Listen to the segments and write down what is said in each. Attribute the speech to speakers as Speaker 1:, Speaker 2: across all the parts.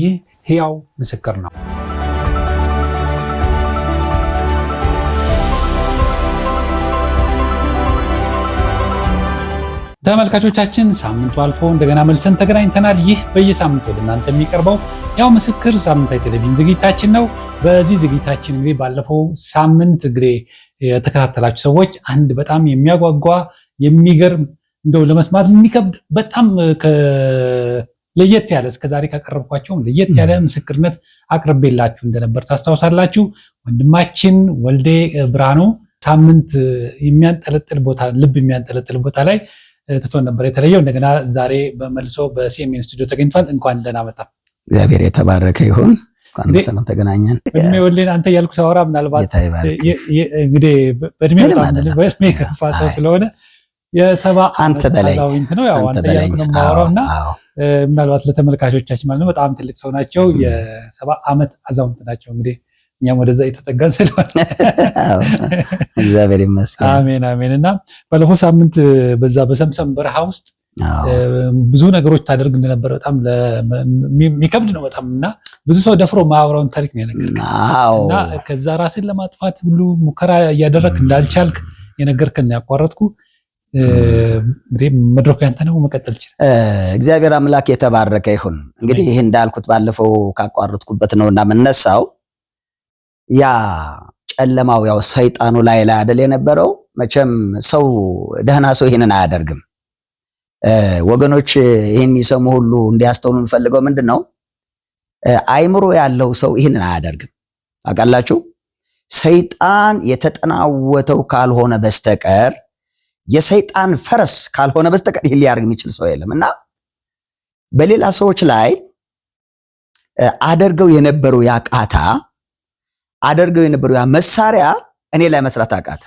Speaker 1: ይህ ሕያው ምስክር ነው። ተመልካቾቻችን ሳምንቱ አልፎ እንደገና መልሰን ተገናኝተናል። ይህ በየሳምንቱ ወደ እናንተ የሚቀርበው ያው ምስክር ሳምንታዊ ቴሌቪዥን ዝግጅታችን ነው። በዚህ ዝግጅታችን እንግዲህ ባለፈው ሳምንት እንግዲህ የተከታተላችሁ ሰዎች አንድ በጣም የሚያጓጓ የሚገርም እንደው ለመስማት የሚከብድ በጣም ለየት ያለ እስከዛሬ ካቀረብኳቸውም ለየት ያለ ምስክርነት አቅርቤላችሁ እንደነበር ታስታውሳላችሁ። ወንድማችን ወልዴ ብርሃኑ ሳምንት የሚያንጠለጥል ቦታ ልብ የሚያንጠለጥል ቦታ ላይ ትቶን ነበር የተለየው። እንደገና ዛሬ በመልሶ በሲኤምኤን ስቱዲዮ ተገኝቷል። እንኳን ደህና መጣ።
Speaker 2: እግዚአብሔር የተባረከ ይሁን። ሰላም ተገናኘን።
Speaker 1: እድሜ ወሌን አንተ እያልኩ ሳወራ ምናልባት እንግዲህ በእድሜ በጣም በእድሜ የከፋ ሰው ስለሆነ የሰባ አንተ በላይ ነውና ምናልባት ለተመልካቾቻችን ማለት ነው በጣም ትልቅ ሰው ናቸው። የሰባ ዓመት አዛውንት ናቸው። እንግዲህ እኛም ወደዛ የተጠጋን ስለሆነ
Speaker 2: እግዚአብሔር ይመስገን።
Speaker 1: አሜን አሜን። እና ባለፈው ሳምንት በዛ በሰምሰም በረሃ ውስጥ ብዙ ነገሮች ታደርግ እንደነበረ በጣም የሚከብድ ነው በጣም እና ብዙ ሰው ደፍሮ ማህበራውን ታሪክ ነው
Speaker 2: የነገርከን እና
Speaker 1: ከዛ ራስን ለማጥፋት ሁሉ ሙከራ እያደረግ እንዳልቻልክ የነገርከን ያቋረጥኩ እንግዲህ መድረኩ ያንተ ነው፣ መቀጠል ይችላል።
Speaker 2: እግዚአብሔር አምላክ የተባረከ ይሁን። እንግዲህ ይህ እንዳልኩት ባለፈው ካቋረጥኩበት ነው እና የምነሳው ያ ጨለማው ያው ሰይጣኑ ላይ ላይ አደል የነበረው። መቼም ሰው ደህና ሰው ይህንን አያደርግም። ወገኖች ይህን የሚሰሙ ሁሉ እንዲያስተውሉ እንፈልገው ምንድን ነው አይምሮ ያለው ሰው ይህንን አያደርግም። ታውቃላችሁ ሰይጣን የተጠናወተው ካልሆነ በስተቀር የሰይጣን ፈረስ ካልሆነ በስተቀር ይህ ሊያደርግ የሚችል ሰው የለም እና በሌላ ሰዎች ላይ አደርገው የነበረው ያ ቃታ አደርገው የነበረው ያ መሳሪያ እኔ ላይ መስራት አቃታ።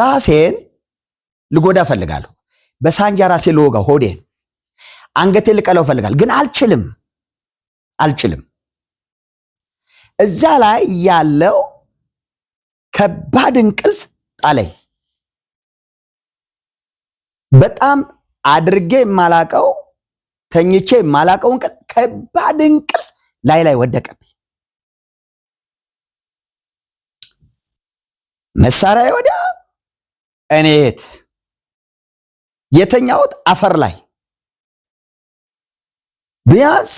Speaker 2: ራሴን ልጎዳ እፈልጋለሁ። በሳንጃ ራሴ ልወጋ፣ ሆዴን፣ አንገቴን ልቀለው እፈልጋለሁ። ግን አልችልም አልችልም። እዛ ላይ ያለው ከባድ እንቅልፍ ጣለኝ። በጣም አድርጌ የማላቀው ተኝቼ የማላቀው እንቅልፍ ከባድ እንቅልፍ ላይ ላይ ወደቀብኝ። መሳሪያ ወዲያ እኔ የት የተኛሁት አፈር ላይ ቢያንስ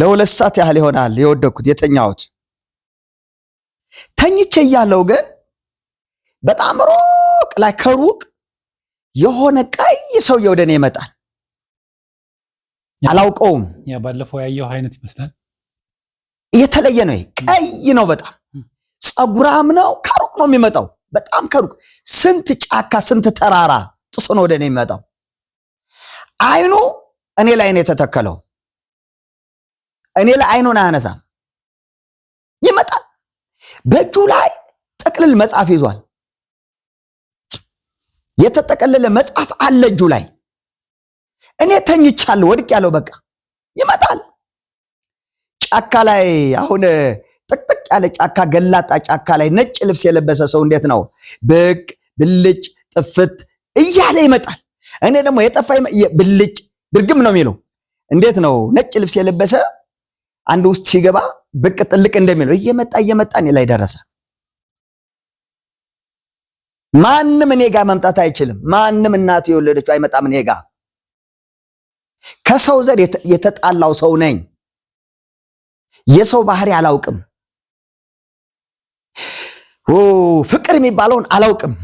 Speaker 2: ለሁለት ሰዓት ያህል ይሆናል የወደኩት የተኛሁት። ተኝቼ እያለሁ ግን በጣም ሩቅ ላይ ከሩቅ የሆነ ቀይ ሰውዬ ወደ እኔ ይመጣል።
Speaker 1: አላውቀውም። ባለፈው ያየው አይነት ይመስላል።
Speaker 2: የተለየ ነው። ቀይ ነው በጣም ጸጉራም ነው። ከሩቅ ነው የሚመጣው፣ በጣም ከሩቅ ስንት ጫካ ስንት ተራራ ጥሶ ነው ወደ እኔ የሚመጣው። አይኑ እኔ ላይ ነው የተተከለው። እኔ ላይ አይኑን አያነሳም። ይመጣል። በእጁ ላይ ጥቅልል መጽሐፍ ይዟል። የተጠቀለለ መጽሐፍ አለ እጁ ላይ። እኔ ተኝቻለሁ፣ ወድቅ ያለው በቃ ይመጣል። ጫካ ላይ አሁን ጥቅጥቅ ያለ ጫካ፣ ገላጣ ጫካ ላይ ነጭ ልብስ የለበሰ ሰው እንዴት ነው ብቅ ብልጭ ጥፍት እያለ ይመጣል። እኔ ደግሞ የጠፋ ብልጭ ድርግም ነው የሚለው። እንዴት ነው ነጭ ልብስ የለበሰ አንድ ውስጥ ሲገባ ብቅ ጥልቅ እንደሚለው እየመጣ እየመጣ እኔ ላይ ደረሰ። ማንም እኔ ጋር መምጣት አይችልም። ማንም እናቱ የወለደችው አይመጣም እኔ ጋር። ከሰው ዘር የተጣላው ሰው ነኝ። የሰው ባህሪ አላውቅም። ፍቅር የሚባለውን አላውቅም።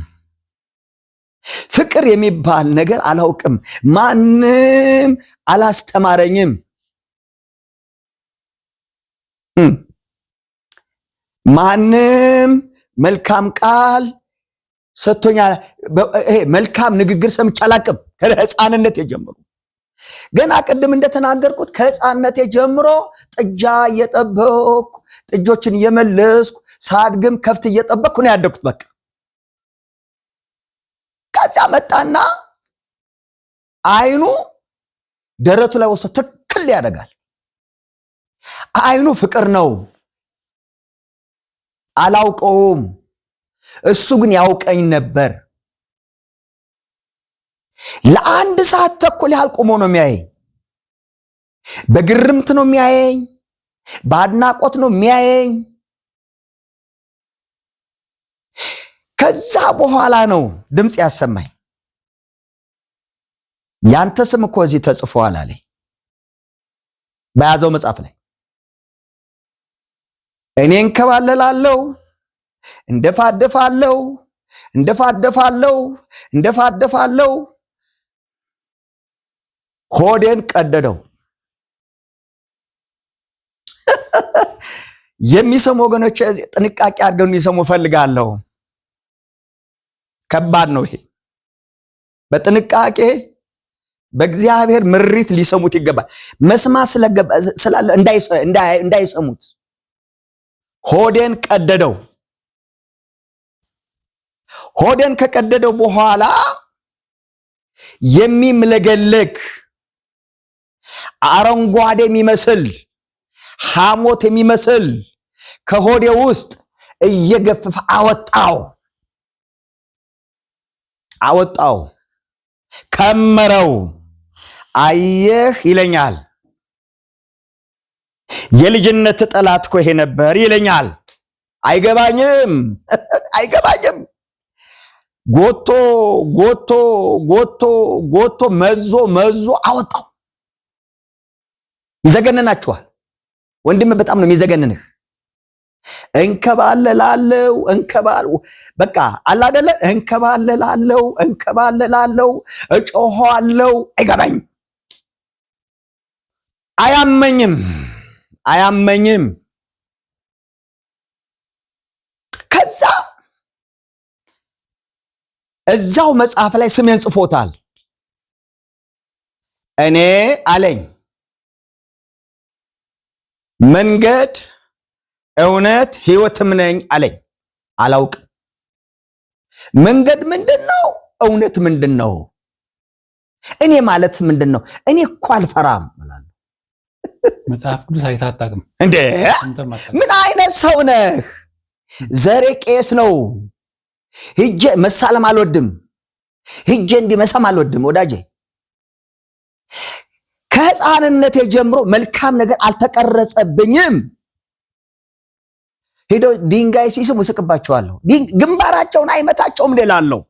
Speaker 2: ፍቅር የሚባል ነገር አላውቅም። ማንም አላስተማረኝም። ማንም መልካም ቃል ሰጥቶኛል። ይሄ መልካም ንግግር ሰምቼ አላቅም። ከህፃንነት የጀምሩ ገና ቅድም እንደተናገርኩት ከህፃንነት የጀምሮ ጥጃ እየጠበኩ ጥጆችን እየመለስኩ ሳድግም ከፍት እየጠበኩ ነው ያደግኩት። በቃ ከዚያ መጣና አይኑ ደረቱ ላይ ወስዶ ትክል ያደርጋል። አይኑ ፍቅር ነው። አላውቀውም እሱ ግን ያውቀኝ ነበር። ለአንድ ሰዓት ተኩል ያህል ቆሞ ነው የሚያየኝ። በግርምት ነው የሚያየኝ፣ በአድናቆት ነው የሚያየኝ። ከዛ በኋላ ነው ድምፅ ያሰማኝ። ያንተ ስም እኮ እዚህ ተጽፏል አለኝ በያዘው መጽሐፍ ላይ እኔ እንከባለላለው እንደፋደፋለው እንደፋደፋለው እንደፋደፋለው ሆዴን ቀደደው። የሚሰሙ ወገኖች ጥንቃቄ አድርገው እንዲሰሙ እፈልጋለሁ። ከባድ ነው ይሄ። በጥንቃቄ በእግዚአብሔር ምሪት ሊሰሙት ይገባል። መስማት ስላለ እንዳይሰሙት ሆዴን ቀደደው። ሆደን ከቀደደው በኋላ የሚምለገለግ አረንጓዴ የሚመስል ሐሞት የሚመስል ከሆዴ ውስጥ እየገፈፈ አወጣው አወጣው ከመረው። አየህ ይለኛል የልጅነት ጠላት እኮ ይሄ ነበር ይለኛል። አይገባኝም። ጎቶ ጎቶ ጎቶ ጎቶ መዞ መዞ አወጣው። ይዘገነናችኋል። ወንድም በጣም ነው የሚዘገንንህ። እንከባለላለው እንከባል በቃ አለ አይደለ? እንከባለላለው እንከባለላለው እጮኋለው። አይገባኝ፣ አያመኝም፣ አያመኝም እዛው መጽሐፍ ላይ ስሜን ጽፎታል። እኔ አለኝ መንገድ እውነት ህይወትም ነኝ አለኝ። አላውቅ መንገድ ምንድን ነው? እውነት ምንድን ነው? እኔ ማለት ምንድን ነው? እኔ እኮ አልፈራም እላለሁ።
Speaker 1: መጽሐፍ ቅዱስ አይተህ
Speaker 2: እንዴ? ምን አይነት ሰው ነህ? ዘሬ ቄስ ነው ሂጄ መሳለም አልወድም። ሂጄ እንዲመሳም አልወድም። ወዳጄ ከሕፃንነቴ ጀምሮ መልካም ነገር አልተቀረጸብኝም። ሄዶ ድንጋይ ሲስሙ እስቅባቸዋለሁ፣ ግንባራቸውን አይመታቸውም እላለሁ።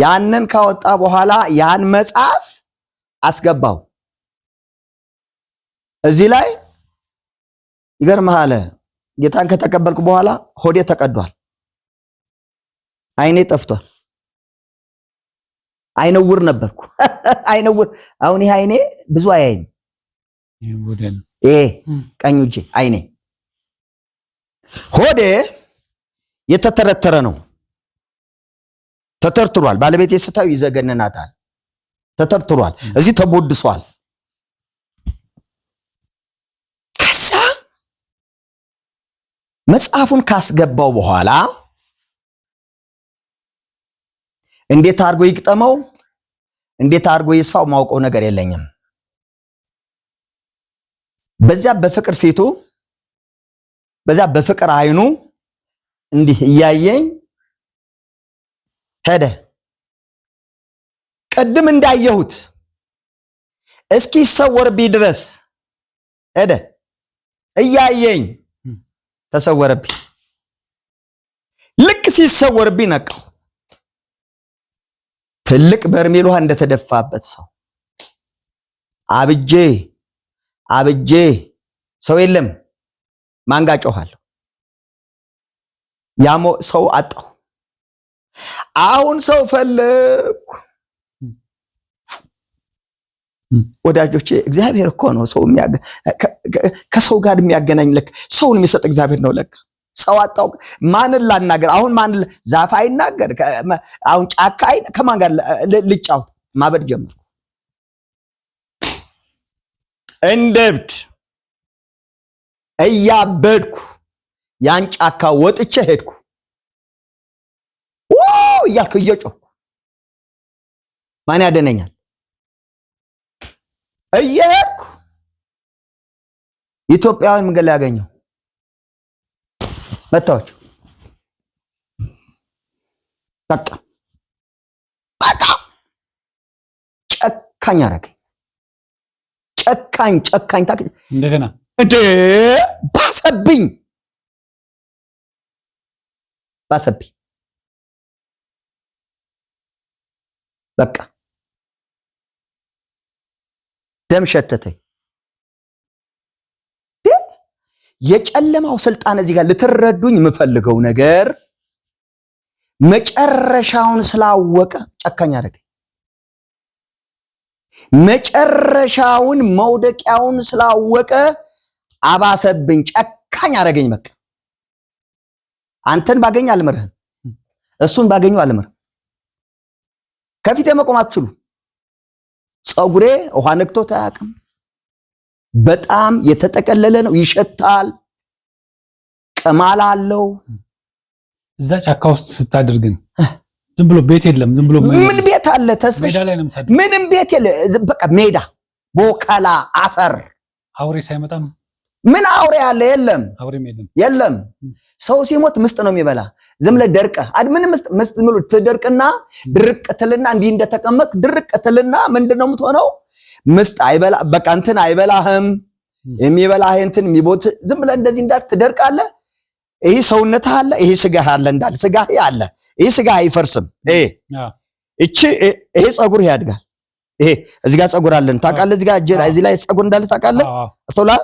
Speaker 2: ያንን ካወጣ በኋላ ያን መጽሐፍ አስገባው እዚህ ላይ ይገርምሃል፣ ጌታን ከተቀበልኩ በኋላ ሆዴ ተቀዷል፣ አይኔ ጠፍቷል። አይነውር ነበርኩ አይነውር። አሁን ይህ አይኔ ብዙ አያይም። ይሄ ቀኝ እጄ አይኔ ሆዴ የተተረተረ ነው፣ ተተርትሯል። ባለቤቴ ስታዩ ይዘገንናታል። ተተርትሯል፣ እዚህ ተቦድሷል። መጽሐፉን ካስገባው በኋላ እንዴት አድርጎ ይግጠመው፣ እንዴት አድርጎ ይስፋው ማውቀው ነገር የለኝም። በዚያ በፍቅር ፊቱ በዚያ በፍቅር አይኑ እንዲህ እያየኝ ሄደ። ቅድም እንዳየሁት እስኪ ድረስ ሄደ እያየኝ ተሰወረብኝ። ልክ ሲሰወርብኝ ነቃው። ትልቅ በርሜል ውሃ እንደተደፋበት ሰው አብጄ አብጄ ሰው የለም ማንጋጮኋለሁ ያሞ ሰው አጣሁ። አሁን ሰው ፈለግኩ። ወዳጆቼ እግዚአብሔር እኮ ነው ሰው ከሰው ጋር የሚያገናኝ ለክ ሰውን የሚሰጥ እግዚአብሔር ነው ለካ ሰው አጣው ማንን ላናገር አሁን ማን ዛፍ አይናገር አሁን ጫካ አይ ከማን ጋር ልጫወት ማበድ ጀመርኩ እንደ እብድ እያበድኩ ያን ጫካ ወጥቼ ሄድኩ እያልኩ እየጮኩ ማን ያደነኛል እየሄድኩ ኢትዮጵያውያን መንገድ ላይ ያገኘው መታወቸው። በቃ በቃ ጨካኝ አደረገኝ። ጨካኝ ጨካኝ ታክ እንደገና እንዴ ባሰብኝ ባሰብኝ በቃ ደም ሸተተኝ። የጨለማው ስልጣን እዚህ ጋር ልትረዱኝ የምፈልገው ነገር መጨረሻውን ስላወቀ ጨካኝ አደረገኝ። መጨረሻውን መውደቂያውን ስላወቀ አባሰብኝ፣ ጨካኝ አደረገኝ። በቃ አንተን ባገኝ አልምርህም፣ እሱን ባገኘው አልምርህም። ከፊት መቆም አትችሉ። ፀጉሬ ውሃ ነክቶት አያውቅም። በጣም የተጠቀለለ ነው፣ ይሸታል፣ ቀማል አለው።
Speaker 1: እዛ ጫካ ውስጥ ስታደርግን ዝም ብሎ ቤት የለም። ዝም ብሎ
Speaker 2: ምን ቤት አለ? ተስፍሽ ምንም ቤት የለ። በቃ ሜዳ ቦቀላ አፈር
Speaker 1: አውሬ ሳይመጣም
Speaker 2: ምን አውሬ አለ የለም፣ የለም። ሰው ሲሞት ምስጥ ነው የሚበላ። ዝም ብለህ ደርቀህ ምንም ምስጥ ምሉ ትደርቅና ድርቅ ትልና እንዲህ እንደተቀመጥክ ድርቅ ትልና ምንድነው የምትሆነው? ምስጥ አይበላ በቃ እንትን አይበላህም። የሚበላህ እንትን የሚቦት ዝም ብለህ እንደዚህ እንዳል ትደርቃለህ። ይሄ ሰውነትህ አለ፣ ይሄ ስጋህ አለ እንዳል ስጋህ አለ። ይሄ ስጋህ አይፈርስም። ይሄ እቺ ይሄ ጸጉር ያድጋል። ይሄ እዚህ ጋር ጸጉር አለን ታውቃለህ። እዚህ ጋር እዚህ ላይ ጸጉር እንዳለ ታውቃለህ። አስተውላህ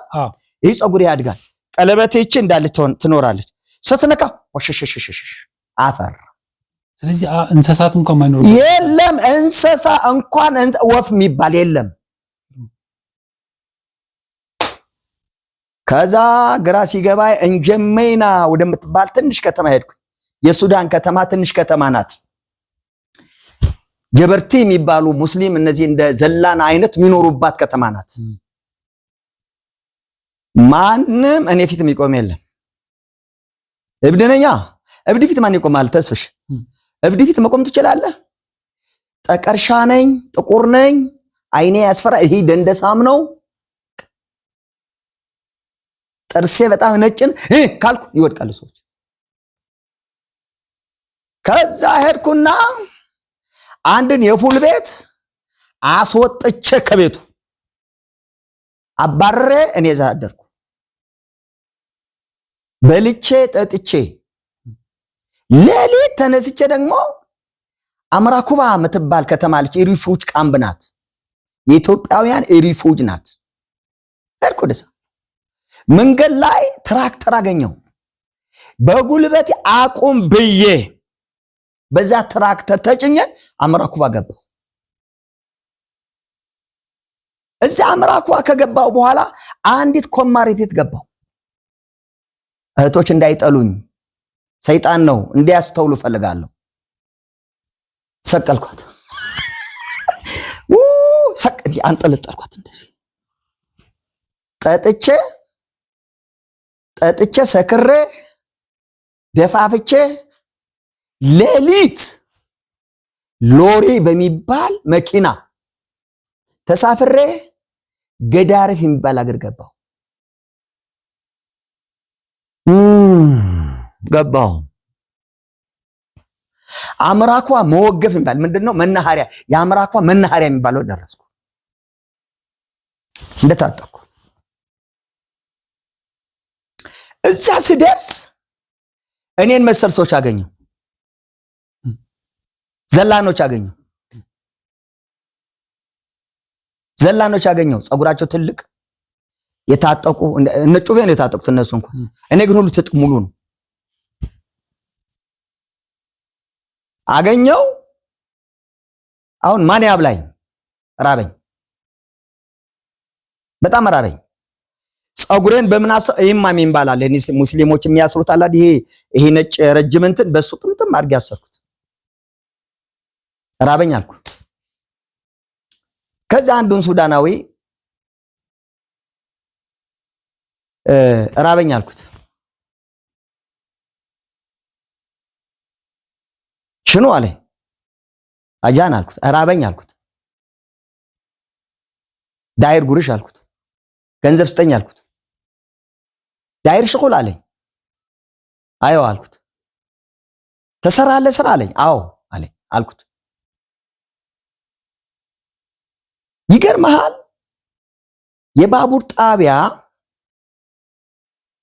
Speaker 2: ይህ ፀጉር ያድጋል። ቀለበቴች እንዳለ ትኖራለች። ስትነካ ወሸሸሸሸሽ አፈር።
Speaker 1: ስለዚህ እንስሳት እንኳን ማይኖር
Speaker 2: የለም። እንስሳ እንኳን ወፍ የሚባል የለም። ከዛ ግራ ሲገባ እንጀመይና ወደምትባል ትንሽ ከተማ ሄድኩ። የሱዳን ከተማ ትንሽ ከተማ ናት። ጀበርቲ የሚባሉ ሙስሊም እነዚህ እንደ ዘላን አይነት የሚኖሩባት ከተማ ናት። ማንም እኔ ፊት የሚቆም የለም። እብድ ነኛ። እብድ ፊት ማን ይቆማል? ተስፍሽ እብድ ፊት መቆም ትችላለህ? ጠቀርሻ ነኝ፣ ጥቁር ነኝ፣ አይኔ ያስፈራ፣ ይሄ ደንደሳም ነው፣ ጥርሴ በጣም ነጭን ካልኩ ይወድቃሉ ሰዎች። ከዛ ሄድኩና አንድን የፉል ቤት አስወጥቼ ከቤቱ አባረ እኔ እዛ አደርኩ። በልቼ ጠጥቼ ሌሊት ተነስቼ ደግሞ አምራኩባ የምትባል ከተማ ልጅ የሪፉጅ ካምፕ ናት። የኢትዮጵያውያን ሪፉጅ ናት። ሄድኩ ደሳ መንገድ ላይ ትራክተር አገኘው። በጉልበት አቁም ብዬ በዛ ትራክተር ተጭኘ አምራኩባ ገባው። እዛ አምራኩባ ከገባው በኋላ አንዲት ኮማሪቴት ገባው። እህቶች እንዳይጠሉኝ ሰይጣን ነው እንዲያስተውሉ ፈልጋለሁ ሰቀልኳት፣ ሰቅ አንጠለጠልኳት። እንደዚህ ጠጥቼ ጠጥቼ ሰክሬ ደፋፍቼ ሌሊት ሎሪ በሚባል መኪና ተሳፍሬ ገዳሪፍ የሚባል አገር ገባሁ። ገባሁ። አምራኳ መወገፍ የሚባል ምንድነው ነው? መናኸሪያ የአምራኳ መናኸሪያ የሚባለው ደረስኩ። እንደታጠቅኩ እዛ ስደርስ እኔን መሰል ሰዎች አገኘሁ። ዘላኖች አገኘ ዘላኖች አገኘው። ጸጉራቸው ትልቅ የታጠቁ እነ ጩቤ ነው የታጠቁት እነሱ እንኳን እኔ ግን ሁሉ ትጥቅ ሙሉ ነው አገኘው። አሁን ማን ያብላኝ? ራበኝ፣ በጣም ራበኝ። ጸጉሬን በምናሰ ኢማም ይባላል ሙስሊሞች የሚያስሩት አላድ ይሄ ይሄ ነጭ ረጅም እንትን በሱ ጥምጥም አድርጌ ያሰርኩት ራበኝ አልኩ። ከዛ አንዱን ሱዳናዊ ራበኝ አልኩት። ሽኑ አለ አጃን አልኩት። ራበኝ አልኩት። ዳይር ጉርሽ አልኩት። ገንዘብ ስጠኝ አልኩት። ዳይር ሽቁል አለኝ። አዮ አልኩት። ተሰራለ ስራ አለኝ። አዎ አለ አልኩት። ይገርመሃል የባቡር ጣቢያ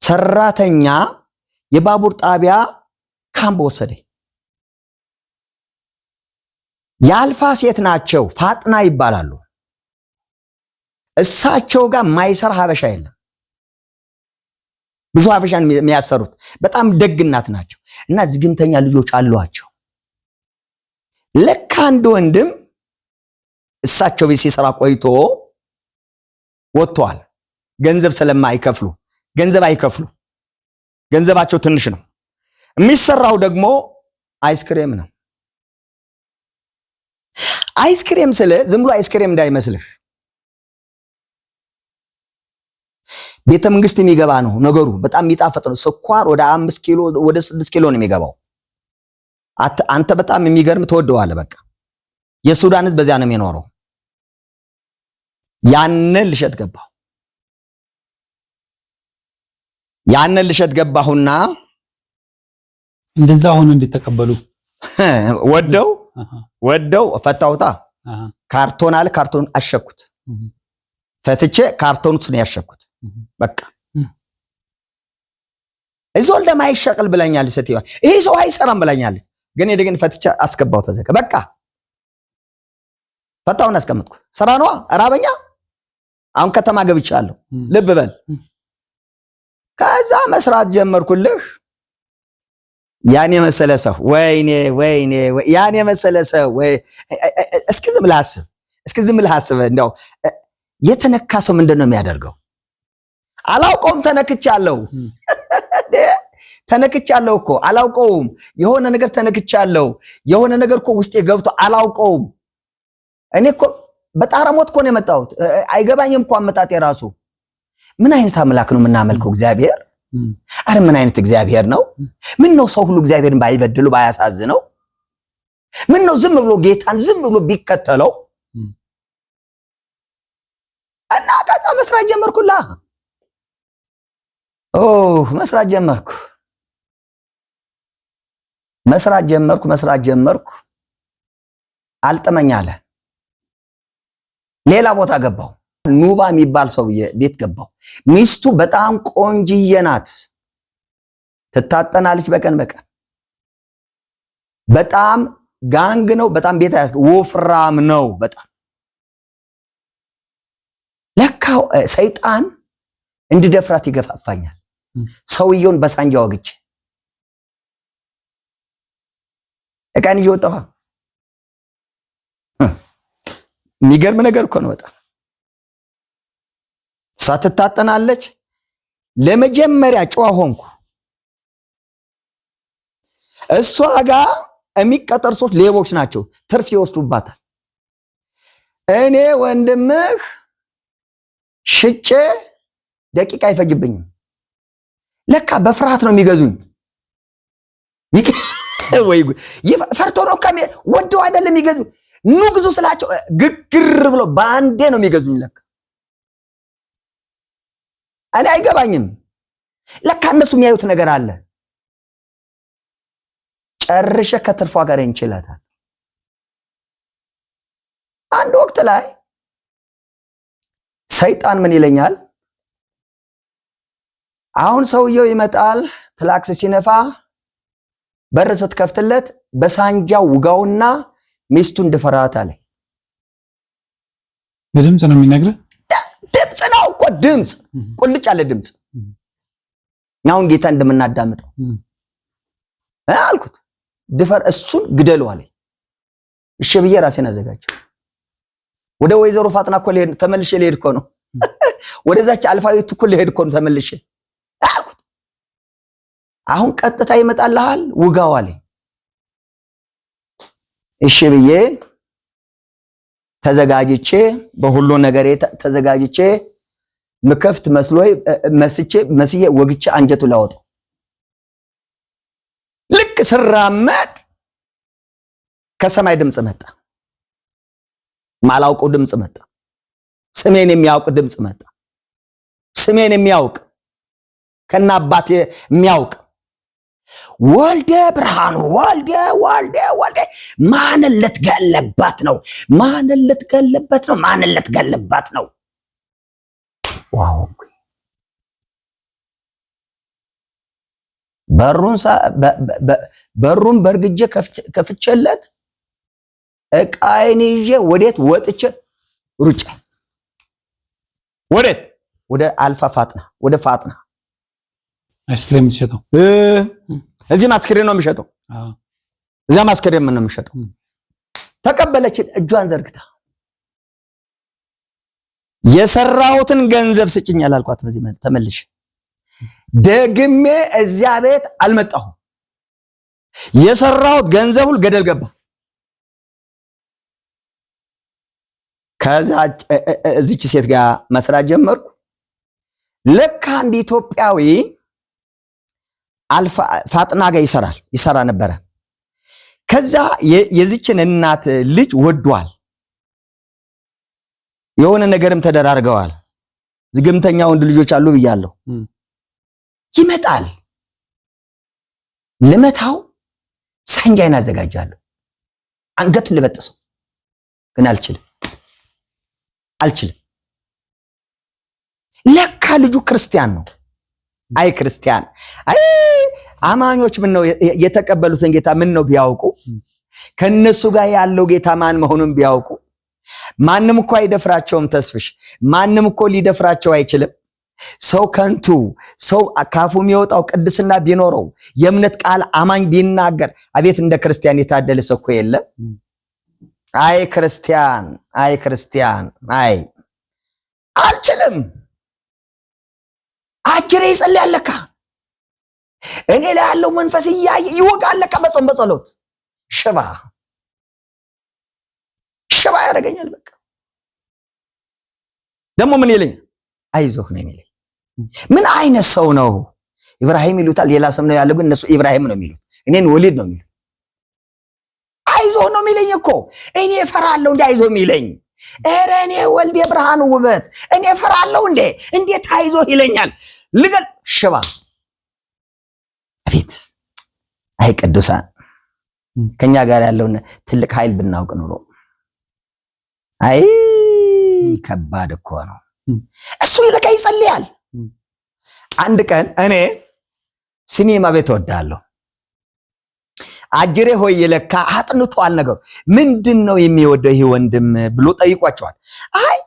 Speaker 2: ሰራተኛ የባቡር ጣቢያ ካምቦ ወሰደ። የአልፋ ሴት ናቸው፣ ፋጥና ይባላሉ። እሳቸው ጋር ማይሰራ ሀበሻ የለም። ብዙ ሀበሻን የሚያሰሩት በጣም ደግ እናት ናቸው እና ዝግምተኛ ልጆች አሏቸው። ለካ አንድ ወንድም እሳቸው ቤት ሲሰራ ቆይቶ ወጥቷል፣ ገንዘብ ስለማይከፍሉ ገንዘብ አይከፍሉ። ገንዘባቸው ትንሽ ነው። የሚሰራው ደግሞ አይስክሬም ነው። አይስክሬም ስለ ዝም ብሎ አይስክሬም እንዳይመስልህ ቤተ መንግስት የሚገባ ነው ነገሩ። በጣም የሚጣፈጥ ነው። ስኳር ወደ አምስት ኪሎ ወደ ስድስት ኪሎ ነው የሚገባው። አንተ በጣም የሚገርም ትወደዋለህ። በቃ የሱዳን ህዝብ በዚያ ነው የሚኖረው። ያንን ልሸት ገባው። ያንን ልሸት ገባሁና
Speaker 1: እንደዛ ሆኖ እንዲተቀበሉ
Speaker 2: ወደው ወደው ፈታሁታ። ካርቶን አለ ካርቶን አሸኩት፣ ፈትቼ ካርቶን ውስጥ ነው ያሸኩት። በቃ እዚህ ወልደ ማይሸቅል ብላኛለች ሴትዮዋ፣ ይሄ ሰው አይሰራም ብላኛለች። ግን ደግን ፈትቼ አስገባሁ ተዘከ በቃ ፈታሁን አስቀምጥኩት። ስራ ነዋ፣ ራበኛ። አሁን ከተማ ገብቻለሁ። ልብ በል ከዛ መስራት ጀመርኩልህ። ያን የመሰለ ሰው ወይኔ ወይኔ፣ ያን የመሰለ ሰው ወይ እስኪ ዝም ብለህ እስኪ ዝም ብለህ እንደው የተነካ ሰው ምንድን ነው የሚያደርገው? አላውቀውም፣ ተነክቻለሁ፣ ተነክቻለሁ እኮ አላውቀውም። የሆነ ነገር ተነክቻለሁ፣ የሆነ ነገር እኮ ውስጤ ገብቶ አላውቀውም። እኔ እኮ በጣረ ሞት እኮ ነው የመጣሁት። አይገባኝም እኮ አመጣጤ ራሱ ምን አይነት አምላክ ነው የምናመልከው? እግዚአብሔር አረ ምን አይነት እግዚአብሔር ነው? ምን ነው ሰው ሁሉ እግዚአብሔርን ባይበድሉ ባያሳዝነው? ምን ነው ዝም ብሎ ጌታን ዝም ብሎ ቢከተለው? እና ከዛ መስራት ጀመርኩላ። ኦ መስራት ጀመርኩ መስራት ጀመርኩ መስራት ጀመርኩ። አልጥመኝ አለ። ሌላ ቦታ ገባው። ኑባ የሚባል ሰው ቤት ገባው። ሚስቱ በጣም ቆንጅዬ ናት፣ ትታጠናለች በቀን በቀን በጣም ጋንግ ነው። በጣም ቤት ያስ ወፍራም ነው። በጣም ለካ ሰይጣን እንድደፍራት ይገፋፋኛል። ሰውየውን በሳንጃ ወግቼ እቃን ይዤ ወጣሁ። የሚገርም ነገር እኮ ነው በጣም እሷ ትታጠናለች። ለመጀመሪያ ጨዋ ሆንኩ። እሷ ጋር የሚቀጠር ሰዎች ሌቦች ናቸው፣ ትርፍ ይወስዱባታል። እኔ ወንድምህ ሽጬ ደቂቃ አይፈጅብኝም። ለካ በፍርሃት ነው የሚገዙኝ። ፈርቶ ነው ወደው አይደለም የሚገዙ ኑ ግዙ ስላቸው ግግር ብሎ በአንዴ ነው የሚገዙኝ ለካ እኔ አይገባኝም። ለካ እነሱ የሚያዩት ነገር አለ። ጨርሸ ከትርፏ ጋር እንችላታል። አንድ ወቅት ላይ ሰይጣን ምን ይለኛል? አሁን ሰውየው ይመጣል፣ ትላክስ ሲነፋ በር ስትከፍትለት በሳንጃው ውጋውና ሚስቱን ድፈራት አለ
Speaker 1: በድምፅ ነው የሚነግርህ
Speaker 2: እኮ ድምፅ ቁልጭ ያለ ድምፅ አሁን ጌታ እንደምናዳምጠው አልኩት። ድፈር እሱን ግደሉ አለኝ። እሺ ብዬ ራሴን አዘጋጀው። ወደ ወይዘሮ ፋጥና እኮ ልሄድ ተመልሼ ልሄድ እኮ ነው። ወደዛች አልፋቤት እኮ ልሄድ እኮ ነው ተመልሼ አልኩት። አሁን ቀጥታ ይመጣልሃል ውጋው አለኝ። እሺ ብዬ ተዘጋጅቼ በሁሉ ነገሬ ተዘጋጅቼ ምከፍት መስሎ መስቼ መስዬ ወግቼ አንጀቱ ላወጣው። ልክ ስራመድ ከሰማይ ድምፅ መጣ። ማላውቀው ድምፅ መጣ። ስሜን የሚያውቅ ድምፅ መጣ። ስሜን የሚያውቅ ከና አባት የሚያውቅ ወልደ ብርሃኑ ወልደ ወልደ ወልደ ማንን ልትገለበት ነው? ማንን ልትገለበት ነው? ማንን ልትገለበት ነው? ዋሆንኩኝ። በሩን በእርግጄ ከፍቼለት ዕቃዬን ይዤ ወዴት ወጥቼ ሩጬ ወዴት ወደ አልፋ ፋጥና ወደ ፋጥና
Speaker 1: አይስክሬም የሚሸጠው
Speaker 2: እዚህም አስክሬም ነው የሚሸጠው፣ እዚያም አስክሬም ነው የሚሸጠው። ተቀበለችን እጇን ዘርግታ የሰራሁትን ገንዘብ ስጭኝ አላልኳት። በዚህ ተመልሽ ደግሜ እዚያ ቤት አልመጣሁም። የሰራሁት ገንዘብ ሁሉ ገደል ገባ። ከዛ እዚች ሴት ጋር መስራት ጀመርኩ። ለካ አንድ ኢትዮጵያዊ አልፋ ፋጥና ጋር ይሰራል ይሰራ ነበረ። ከዛ የዚችን እናት ልጅ ወዷል። የሆነ ነገርም ተደራርገዋል። ዝግምተኛ ወንድ ልጆች አሉ ብያለሁ። ይመጣል ልመታው ሰንጋይን አዘጋጃለሁ፣ አንገቱን ልበጥሰው። ግን አልችልም አልችልም። ለካ ልጁ ክርስቲያን ነው። አይ ክርስቲያን፣ አይ አማኞች ምን ነው የተቀበሉትን ጌታ ምን ነው ቢያውቁ፣ ከነሱ ጋር ያለው ጌታ ማን መሆኑን ቢያውቁ ማንም እኮ አይደፍራቸውም። ተስፍሽ ማንም እኮ ሊደፍራቸው አይችልም። ሰው ከንቱ ሰው ካፉ የሚወጣው ቅድስና ቢኖረው የእምነት ቃል አማኝ ቢናገር አቤት እንደ ክርስቲያን የታደለ ሰው እኮ የለም። አይ ክርስቲያን፣ አይ ክርስቲያን፣ አይ አልችልም። አጅሬ ይጸልያል እኔ ላይ ያለው መንፈስ እያየ ይወጋል በጾም በጸሎት ሽባ ሽባ ያደርገኛል። በቃ ደግሞ ምን ይለኛል? አይዞህ ነው የሚለኝ። ምን አይነት ሰው ነው? ኢብራሂም ይሉታል። ሌላ ስም ነው ያለው፣ ግን እነሱ ኢብራሂም ነው የሚሉት። እኔን ወሊድ ነው የሚሉት። አይዞህ ነው የሚለኝ እኮ እኔ እፈራለሁ። እንደ አይዞህ የሚለኝ ኧረ እኔ ወልድ የብርሃን ውበት እኔ እፈራለሁ እንዴ! እንዴት አይዞ ይለኛል? ልገል ሽባ ፊት አይ ቅዱሳን ከኛ ጋር ያለውን ትልቅ ኃይል ብናውቅ ኑሮ አይ ከባድ እኮ ነው። እሱ ይልቀ ይጸልያል። አንድ ቀን እኔ ሲኒማ ቤት ወዳለሁ አጅሬ ሆይ የለካ አጥንቷል ነገሩ። ምንድን ነው የሚወደው ይህ ወንድም ብሎ ጠይቋቸዋል። አይ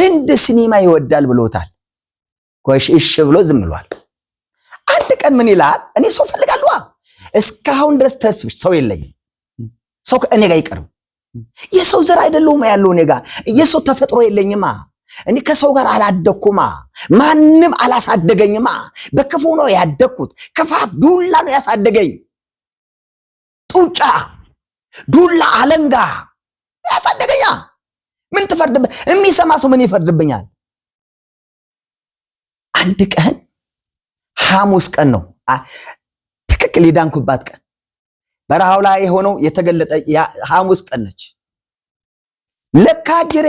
Speaker 2: ህንድ ሲኒማ ይወዳል ብሎታል። ኮሽ እሽ ብሎ ዝም ብሏል። አንድ ቀን ምን ይላል? እኔ ሰው ፈልጋለሁ። እስካሁን ድረስ ተስብሽ ሰው የለኝም። ሰው ከእኔ ጋር ይቀርብ የሰው ዘር አይደለሁማ ያለው እኔ ጋር የሰው ተፈጥሮ የለኝማ። እኔ ከሰው ጋር አላደግኩማ። ማንም አላሳደገኝማ። በክፉ ነው ያደግኩት። ክፋት ዱላ ነው ያሳደገኝ። ጡጫ፣ ዱላ፣ አለንጋ ያሳደገኛ። ምን ትፈርድብ? የሚሰማ ሰው ምን ይፈርድብኛል? አንድ ቀን ሐሙስ ቀን ነው ትክክል የዳንኩባት ቀን በረሃው ላይ የሆነው የተገለጠ ሐሙስ ቀን ነች። ለካ ጅሬ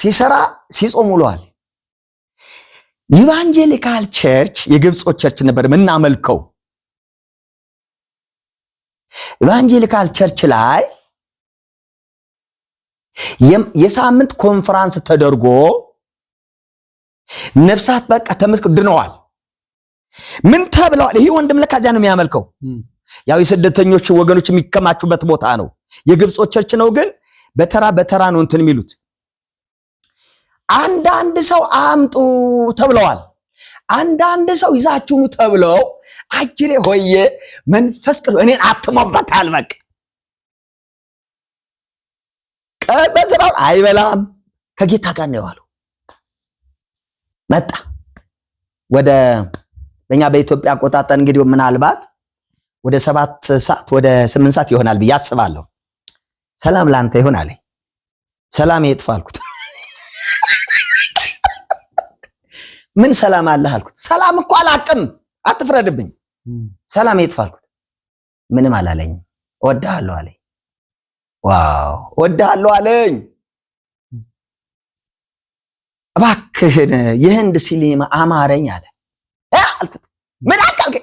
Speaker 2: ሲሰራ ሲጾም ውሏል። ኢቫንጀሊካል ቸርች የግብጾች ቸርች ነበር የምናመልከው። ኢቫንጀሊካል ቸርች ላይ የሳምንት ኮንፈራንስ ተደርጎ ነፍሳት በቃ ድነዋል። ምን ተብለዋል? ይህ ወንድም ለካ እዚያ ነው የሚያመልከው ያው የስደተኞች ወገኖች የሚከማቹበት ቦታ ነው። የግብጾች ቸርች ነው፣ ግን በተራ በተራ ነው እንትን የሚሉት። አንዳንድ ሰው አምጡ ተብለዋል። አንዳንድ ሰው ይዛችሁኑ ተብለው አጅሬ ሆየ መንፈስ ቅዱስ እኔን አትሞበታል። በቃ በዝራውን አይበላም ከጌታ ጋር ነው የዋለው። መጣ ወደ በእኛ በኢትዮጵያ አቆጣጠር እንግዲህ ምናልባት ወደ ሰባት ሰዓት ወደ ስምንት ሰዓት ይሆናል ብዬ አስባለሁ። ሰላም ለአንተ ይሆን አለኝ። ሰላም የጥፋ አልኩት። ምን ሰላም አለህ አልኩት። ሰላም እኮ አላቅም፣ አትፍረድብኝ። ሰላም የጥፋ አልኩት። ምንም አላለኝ። እወድሃለሁ አለኝ። ዋው እወድሃለሁ አለኝ። እባክህን የህንድ ሲኒማ አማረኝ አለ አልኩት። ምን አካልከ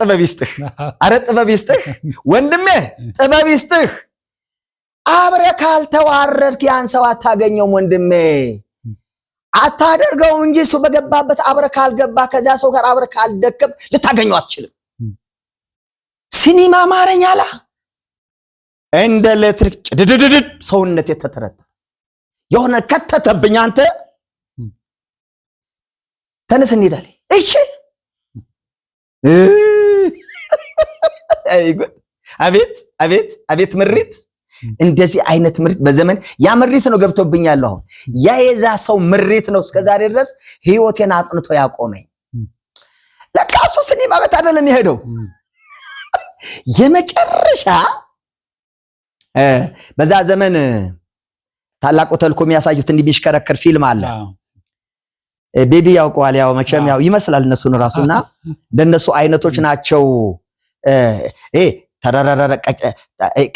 Speaker 2: ጥበብ ይስጥህ፣ አረ ጥበብ ይስጥህ ወንድሜ፣ ጥበብ ይስጥህ። አብረ ካልተዋረድክ ያን ሰው አታገኘውም ወንድሜ፣ አታደርገው እንጂ እሱ በገባበት አብረ ካልገባ ከዚያ ሰው ጋር አብረ ልታገኘው አትችልም። ሲኒማ ማረኝ አላ እንደ ኤሌክትሪክ ሰውነት የተተረተ የሆነ ከተተብኝ አንተ ተነስ እንሄዳለን። እሺ አቤት አቤት አቤት ምሪት እንደዚህ አይነት ምሪት በዘመን ያ ምሪት ነው ገብቶብኛል። አሁን ያ የዛ ሰው ምሪት ነው እስከዛሬ ድረስ ህይወቴን አጽንቶ ያቆመኝ። ለካ እሱ ስኒ ማበት አይደለም የሄደው የመጨረሻ በዛ ዘመን ታላቁ ተልኮ የሚያሳዩት እንዲህ የሚሽከረከር ፊልም አለ። ቤቢ ያውቀዋል። ያው መቼም ያው ይመስላል እነሱን ራሱና እንደነሱ አይነቶች ናቸው። ተረረረ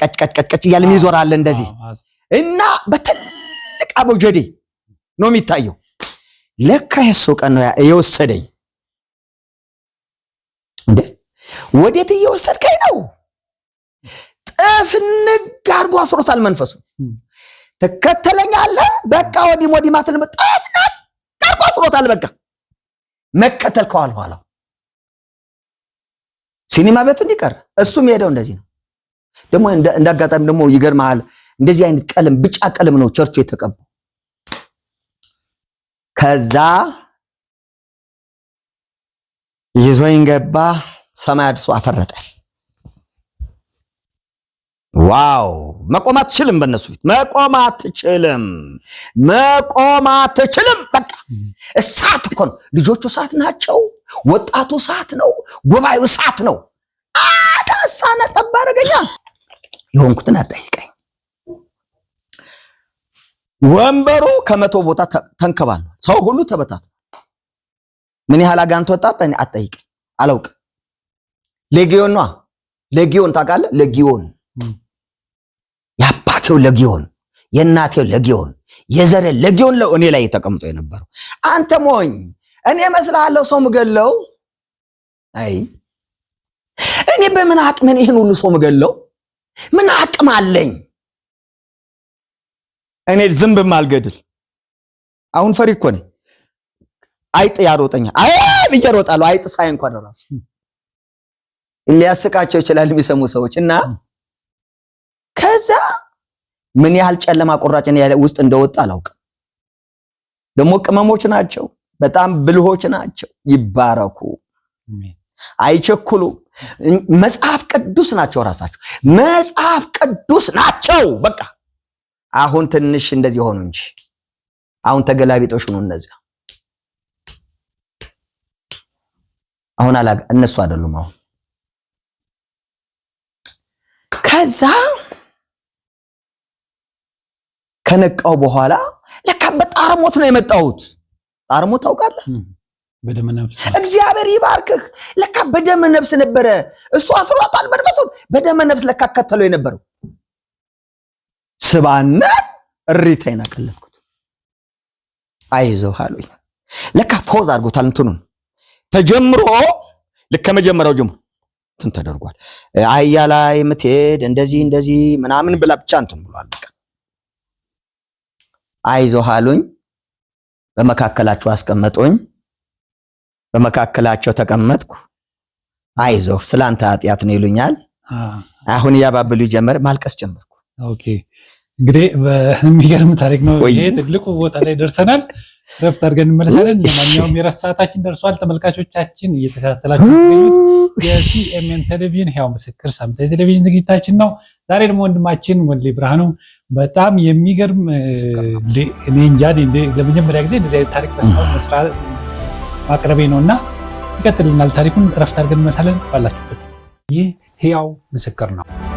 Speaker 2: ቀጭቀጭቀጭ እያለም ይዞራል እንደዚህ እና በትልቅ አቦጀዴ ነው የሚታየው። ለካ የሱ ቀን ነው የወሰደኝ። እንዴ ወዴት እየወሰድከኝ ነው? ጥፍንግ አድርጎ አስሮታል መንፈሱ። ትከተለኛለህ፣ በቃ ወዲህ ወዲህ ማትልም ጣፍናት አድርጎ አስሮታል። በቃ መከተል ከኋላ ኋላ ሲኒማ ቤቱ እንዲቀር እሱም የሄደው እንደዚህ ነው። ደግሞ እንደ ደግሞ ይገርመሃል፣ እንደዚህ አይነት ቀለም ቢጫ ቀለም ነው ቸርቹ የተቀባው። ከዛ ይዞኝ ገባ። ሰማይ አድሶ አፈረጠ። ዋው! መቆም አትችልም፣ በእነሱ ፊት መቆም አትችልም፣ መቆም አትችልም። በቃ እሳት እኮ ነው። ልጆቹ እሳት ናቸው። ወጣቱ እሳት ነው። ጉባኤው እሳት ነው። አታሳ ነጠብ አደረገኛ የሆንኩትን አጠይቀኝ። ወንበሩ ከመቶ ቦታ ተንከባለ። ሰው ሁሉ ተበታቱ። ምን ያህል አጋንንት ወጣ አጠይቀኝ። አላውቅም። ሌጊዮን ነዋ። ሌጊዮን ታውቃለህ? ሌጊዮን የአባቴው ሌጊዮን የእናቴው ሌጊዮን የዘረ ለጊዮን ለው እኔ ላይ ተቀምጦ የነበረው አንተ ሞኝ እኔ መስልሃለሁ ሰው ምገለው? አይ እኔ በምን አቅምን ይህን ሁሉ ሰው ምገለው? ምን አቅም አለኝ? እኔ ዝምብም አልገድል። አሁን ፈሪ እኮ ነኝ። አይጥ ያሮጠኛ አይ ብዬ እሮጣለሁ። አይጥ ሳይ እንኳን ራሱ ሊያስቃቸው ይችላል የሚሰሙ ሰዎች እና ከዛ ምን ያህል ጨለማ ቁራጭ ውስጥ እንደወጣ አላውቅም። ደግሞ ቅመሞች ናቸው፣ በጣም ብልሆች ናቸው። ይባረኩ፣ አይቸኩሉም። መጽሐፍ ቅዱስ ናቸው፣ ራሳቸው መጽሐፍ ቅዱስ ናቸው። በቃ አሁን ትንሽ እንደዚህ ሆኑ እንጂ አሁን ተገላቢጦች ነው። እነዚህ አሁን እነሱ አይደሉም። አሁን ከዛ ከነቃው በኋላ ለካ በጣርሞት ነው የመጣሁት። ጣርሞት ታውቃለህ? በደመ ነፍስ እግዚአብሔር ይባርክህ። ለካ በደመ ነፍስ ነበረ እሱ አስሯታል መንፈሱን። በደመ ነፍስ ለካ ከተለው የነበረው ስባነ እሪታ ይናቀለኩት አይዘው አሉኝ። ለካ ፎዝ አድርጎታል። እንትኑን ተጀምሮ ልክ ከመጀመሪያው ጀምሮ እንትን ተደርጓል። አህያ ላይ የምትሄድ እንደዚህ እንደዚህ ምናምን ብላ ብቻ እንትን ብሏል። አይዞህ አሉኝ። በመካከላቸው አስቀመጡኝ። በመካከላቸው ተቀመጥኩ። አይዞህ ስላንተ ኃጢአት ነው ይሉኛል። አሁን እያባበሉ ጀመር። ማልቀስ ጀመርኩ።
Speaker 1: ኦኬ እንግዲህ የሚገርም ታሪክ ነው። ይሄ ትልቁ ቦታ ላይ ደርሰናል። ረፍት አድርገን እንመለሳለን። ለኛውም የረፍት ሰዓታችን ደርሷል። ተመልካቾቻችን እየተከታተላችሁ የሲኤምኤን ቴሌቪዥን ህያው ምስክር ሳምንታዊ ቴሌቪዥን ዝግጅታችን ነው። ዛሬ ደግሞ ወንድማችን ወንድሌ ብርሃኑ በጣም የሚገርም እኔ እንጃ ለመጀመሪያ ጊዜ እንደዚህ አይነት ታሪክ መስራ ማቅረቤ ነው እና ይቀጥልናል ታሪኩን። ረፍት አድርገን እንመለሳለን። ባላችሁበት ይህ ህያው ምስክር ነው።